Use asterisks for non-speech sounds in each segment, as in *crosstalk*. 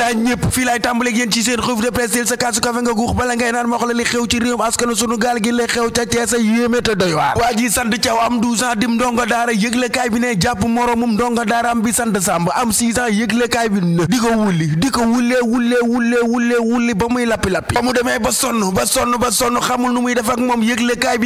naa ñëpp fii laay tàmbaleeg yéen ci seen revue de presse del sa kaasu kafe nga guux bala ngay naan moo xala xew ci réewum askanu sunu gaal gi la xew ca Cees a te doy waar waa ji sant Thiaw am 12 ans dim ndongo daara yëglekaay bi ne jàpp moroomum ndongo daara am bi sant Samba am 6 ans yëglekaay bi ne di ko wulli di ko wullee wullee wullee wullee wulli ba muy lappi-lappi ba mu demee ba sonn ba sonn ba sonn xamul nu muy def moom yëglekaay a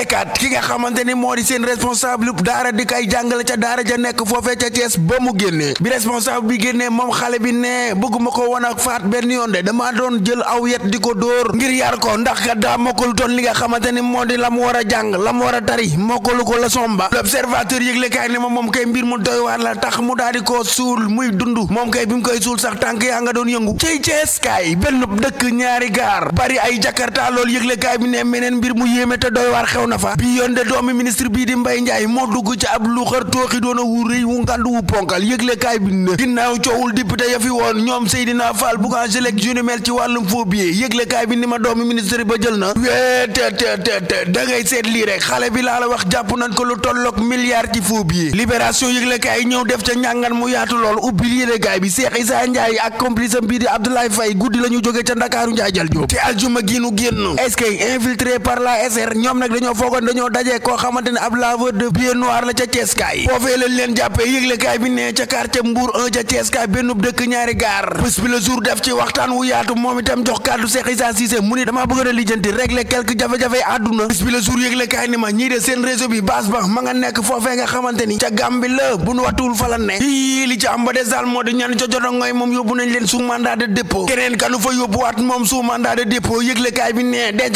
eh. kay la di seen responsable daara di kay jàngale ca daara ja nekk foofee ca Thiès ba mu génnee bi responsable bi génnee moom xale bi ne bëgguma ko woon ak faat benn yoon de doon jël aw yet di ko dóor ngir yar ko ndax kat daa mokkul toon li nga ni a la mu war a ko la somba l'observateur yëgle kaay ma moom kay mbir mu doy la tax mu daal di koo suul muy dund moom kay bi mu koy suul sax tànk yaa nga doon yëngu cay Thiès kaay benn dëkk ñaari gaar bari ay jakarta loolu yëgle kaay bi ne meneen mbir mu yéeme te doy xew Ndiaye moo dugg ci ab lu xar tooxi doona wu wu ngànd wu ponkal yëglekaay bi na ginnaaw coowul député ya fi woon ñoom Seydina Fall Bouganger ak juni mel ci wàllum phobie yëglekaay bi ni ma doomi ministre ba jël na wee te te te te da ngay seet lii rek xale bi laa la wax jàpp nañ ko lu tolloog milliard ci phobie libération yëglekaay ñëw def ca ñàngan mu yaatu lool ubbil yëglekaay bi Cheikh Issa Ndiaye ak complice am bii di Abdoulaye Faye guddi de pied noir la ca Ceeskaay foofee lañ leen jàppee yëglekaay bi ne ca quartier Mbour 1 ca Ceeskaay bennub dëkk ñaari gaar bés bi def ci waxtaan wu yaatu moom itam jox kàddu Cheikh Issa Cissé mu ni damaa bëgg a lijjanti régler quelques jafe-jafe àdduna bés bi yëglekaay ni ma ñii de seen réseau bi base ba ma nga nekk foofee nga xamante ni ca Gàmbi la bu nu wattuwul fa la li ci am ba des daal moo di ñan moom yóbbu nañ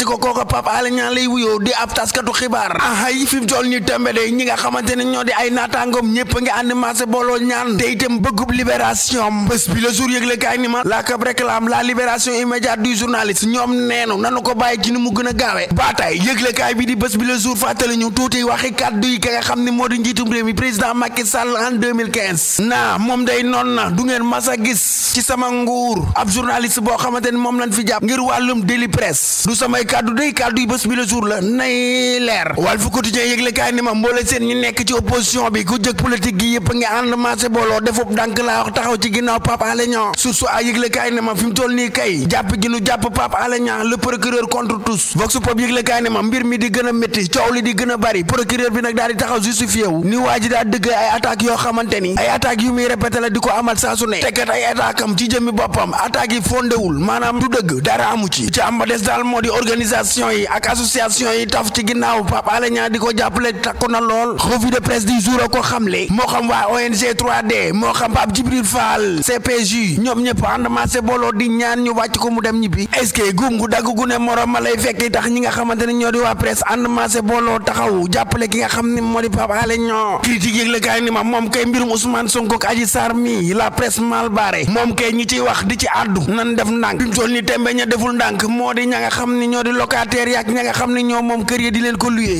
ko kooka Pape Kébé day ñi nga xamante ne ñoo di ay naataangoom ñëpp a ngi ànd maase booloo ñaan te itam bëggub libération bés bi la jour yëgle ni ma la kab réclame la libération immédiate du journaliste ñoom neenu nanu ko bàyyi ci ni mu gën a gaawee baataay yëgle kaay bi di bés bi la jour fàttali ñu tuuti waxi kàddu yi xam ne ne moom lañ fi jàpp ngir wàllum délit presse du samay kàddu day kàddu yi bés bi la jour la nay leer Walf Quotidien yëgle kaay ni ma mboole seen ñu nekk ci opposition bi ku jëkk politique gi yëpp ngi ànd marché booloo defub dànk laa wax taxaw ci ginnaaw Pape Alé Niang surtout ay yëglekaay ne ma fi mu toll nii kay jàpp gi nu jàpp Pape Alé Niang le procureur contre tous vox pop yëglekaay ne ma mbir mi di gën a métti coow li di gën bari procureur bi nag daal di taxaw justifié wu ni waa ji daa ay attaques yoo xamante ni ay attaques yu muy répété di ko amal saa su ne tekkat ay attaques am ci jëmmi boppam attaques ci ci am ba moo di organisation yi ak association yi taf ci ginnaaw Pape yokku na lool revue de presse du jour a ko xamle moo xam waa ONG 3D moo xam Pape Djibril Fall CPJ ñoom ñëpp ànd maase booloo di ñaan ñu wàcc ko mu dem ñibbi est-ce que gungu dagg gu ne morom ma lay fekk tax ñi nga xamante ne ñoo di waa presse ànd maase booloo taxaw jàppale ki nga xam ne moo di Pape Alé Niang critique yëgle kaay ma moom kay mbirum Ousmane Sonko ak Adji la presse mal barré moom kay ñi ciy wax di ci àddu nan def ndànk fi mu toll ni tembe ña deful ndànk moo di xam ne ñoo di locataire yaak ña xam ne ñoo moom kër di leen ko luyee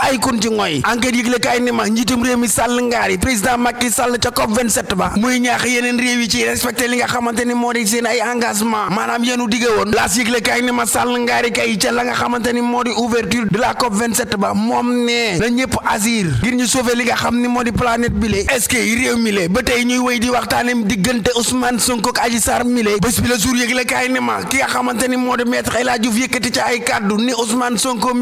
ay kun ci ngoy enquête yëgle kaay ni ma njiitum réew mi sàll ngaar yi président Macky Sall ca COP 27 ba muy ñaax yeneen réew yi ci respecté li nga xamante ni moo di seen ay engagement maanaam yéenu digge woon laas yëgle kaay ni ma sàll ngaari kay ca la nga xamante ni moo di ouverture de la COP 27 ba moom nee na ñëpp asir ngir ñu sauver li nga xam ni moo di planète bi le est-ce réew mi le ba tey ñuy wéy di waxtaane diggante Ousmane Sonko ak Adji Sarr mi le ki nga xamante ni moo di maître ay kàddu ni Ousmane Sonko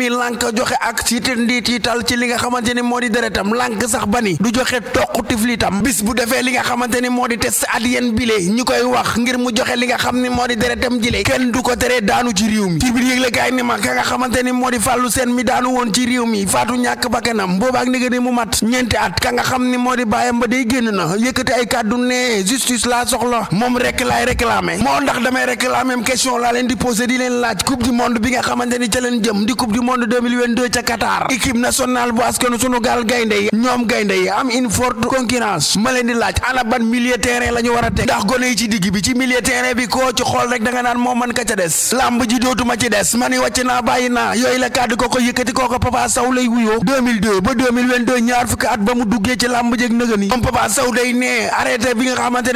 di tiital ci li nga xamante ni moo di deretam lànk sax ba ni du joxe toq tiflitam bis bu defee li nga xamante ni moo di tes at ADN bile ñu koy wax ngir mu joxe li nga xam ni moo di deretam jile kenn du ko teree daanu ci réew mi ci biir yëglekaay ni ma ka nga xamante ni moo di fàllu seen mi daanu woon ci réew mi faatu ñàkk bakkanam boobaak ndege ni mu mat ñeenti at ka nga xam ni moo di bàyyam ba day génn na yëkkati ay kàddu ne justice laa soxla moom moo ndax damay réclamer question laa leen di xamante ni ca leen jëm équipe nationale bu askanu sunu gaal gaynde yi ñoom gaynde yi am une concurrence ma leen di laaj ana ban milieu terrain la ñu war a ndax gone yi ci digg bi ci milieu terrain bi koo ci xool rek da naan moo man ka ca des lamb ji dootuma ci des mani wàcc naa bàyyi naa yooyu la kàddu ko ko yëkkati koo ko Papa Sow lay wuyoo ba ñaar fukki at ba mu duggee ci lamb jeeg nëgëni moom Papa Sow nee arrêté bi nga xamante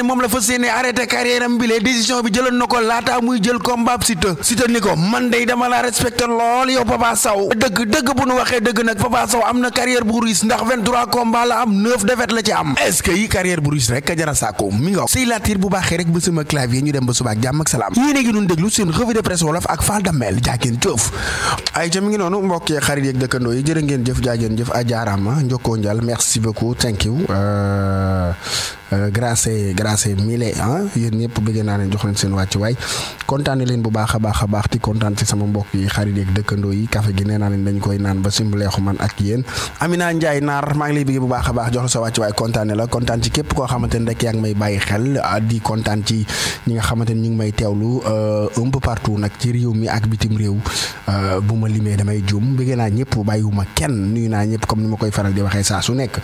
bi lee na ko laataa muy jël dëgg nag am na carrière bu ruus ndax 23 combat la am 9 défaite la ci am est yi carrière bu ruus rek ka jara sàkku mi nga sëy laatiir bu baaxee rek ba clavier ñu dem ba suba jàmm ak salaam yéen a ngi doon déglu seen revue de presse wolof ak Fall Damel jaageen jëf ay ca mi ngi noonu mbokk xarit yeeg dëkkandoo yi jërë ngeen jëf jaageen jëf a jaaraama njokkoo njal merci beaucoup thank you euh, grâce euh, grâce mille ah yéen ñëpp bëgg naa leen jox leen seen waay kontaane leen bu baax a baax a baax di kontaan ci sama mbokk yi xarit dëkkandoo yi café gi nee naa leen dañ koy naan ba simbaleexu man ak yéen Amina Ndiaye naar maa ngi lay bëgg baax a baax jox la sa wàccuwaay kontaane la kontaan ci képp koo xamante ne rek yaa ngi may bàyyi xel ah, di kontaan ci ñi nga xamante ne ñu ngi may teewlu euh, un peu partout nag ci réew mi ak bitim réew euh, bu ma limee damay juum bëgg naa ñëpp bàyyiwuma kenn nuyu naa ñëpp comme ni ma koy faral di waxee saa su nekk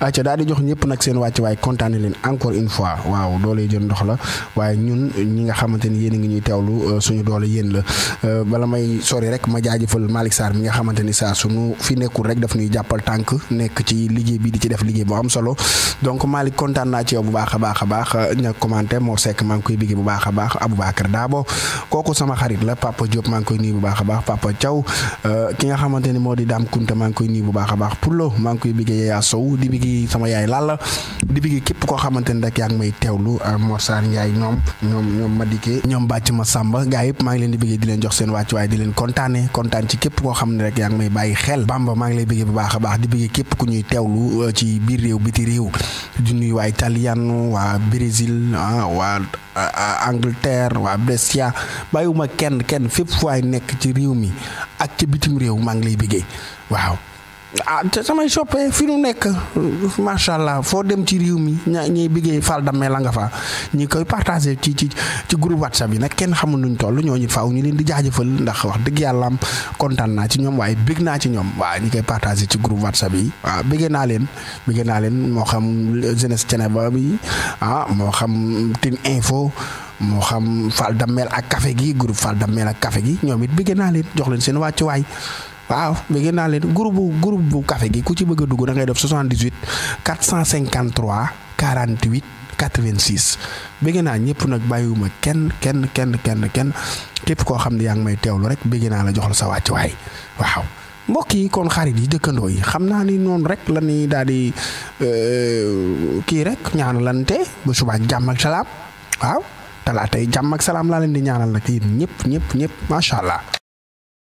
*laughs* daal di jox ñëpp nag seen wàcc waaye kontaane leen encore une fois waaw doole jën ndox la waaye ñun ñi nga xamante ni yéen a ngi ñuy teewlu euh, suñu doole yéen la euh, bala may sori rek ma jaajëfal Malick Sarr mi nga xamante ni saa suñu fi nekkul rek daf ñuy jàppal tànk nekk ci liggéey bi di ci def liggéey bu am solo donc Malick kontaan naa ci yow bu baax a baax a baax euh, ña moo sekk maa ngi koy biggi bu baax a baax Aboubacar Daabo kooku sama xarit la Papa Diop maa ngi koy nuyu bu baax a baax ki nga xamante ni moo di Dame Kounta maa ngi koy nuyu a Touba di bëgg képp koo xamante ni rek yaa ngi may teewlu euh, Mor Sarr Ndiaye ñoom ma ñoom Madické ñoom Bàcc ma Samba gaa yëpp maa ngi leen di bëggee di leen jox seen waaye di leen kontaane kontaan ci képp koo xam ne rek yaa ngi may bàyyi xel Bamba maa ngi lay bëggee bu baax a baax di bëggee képp ku ñuy teewlu euh, ci biir réew biti réew di nuyu waa Italien waa Brésil ah, waa ah, Angleterre waa Brescia bàyyiwuma kenn kenn fépp fu waay nekk ci réew mi ak ca bitim réew maa ngi lay bëggee waaw ah te samay soppe fi nu nekk macha allah foo dem ci réew mi ña ñuy biggee Fall Dammel la nga fa ñi koy partagé ci ci ci groupe WhatsApp yi nag kenn xamul nuñ toll ñooñu faaw ñu leen di jaajëfal ndax wax dëgg yàlla am kontaan naa ci ñoom waaye bég naa ci ñoom waa ñi koy partagé ci group WhatsApp yi waaw béggee naa leen béggee naa leen moo xam jeunesse Thiénaba bi ah moo xam Tine Info. moo xam Fall Dammel ak kafe gi groupe Fall Dammel ak kafe gi ñoom it bëgg naa leen jox leen seen wàccuwaay waaw bëgg naa leen groupe bu groupe bu café gi ku ci bëgg a dugg da ngay def 78 453 48 86 bëgg naa ñëpp nag bàyyiwuma kenn kenn kenn kenn kenn képp koo xam ne yaa ngi may teewlu rek bëgg naa la jox la sa wàcc wàccuwaay waaw. mbokk yi kon xarit yi dëkkandoo yi xam naa ni noonu rek la ñuy daal di euh, kii rek ñaanalante ba subaa jàmm ak salaam waaw talaatay jàmm ak salaam laa leen di ñaanal nag yéen ñëpp ñëpp ñëpp macha allah.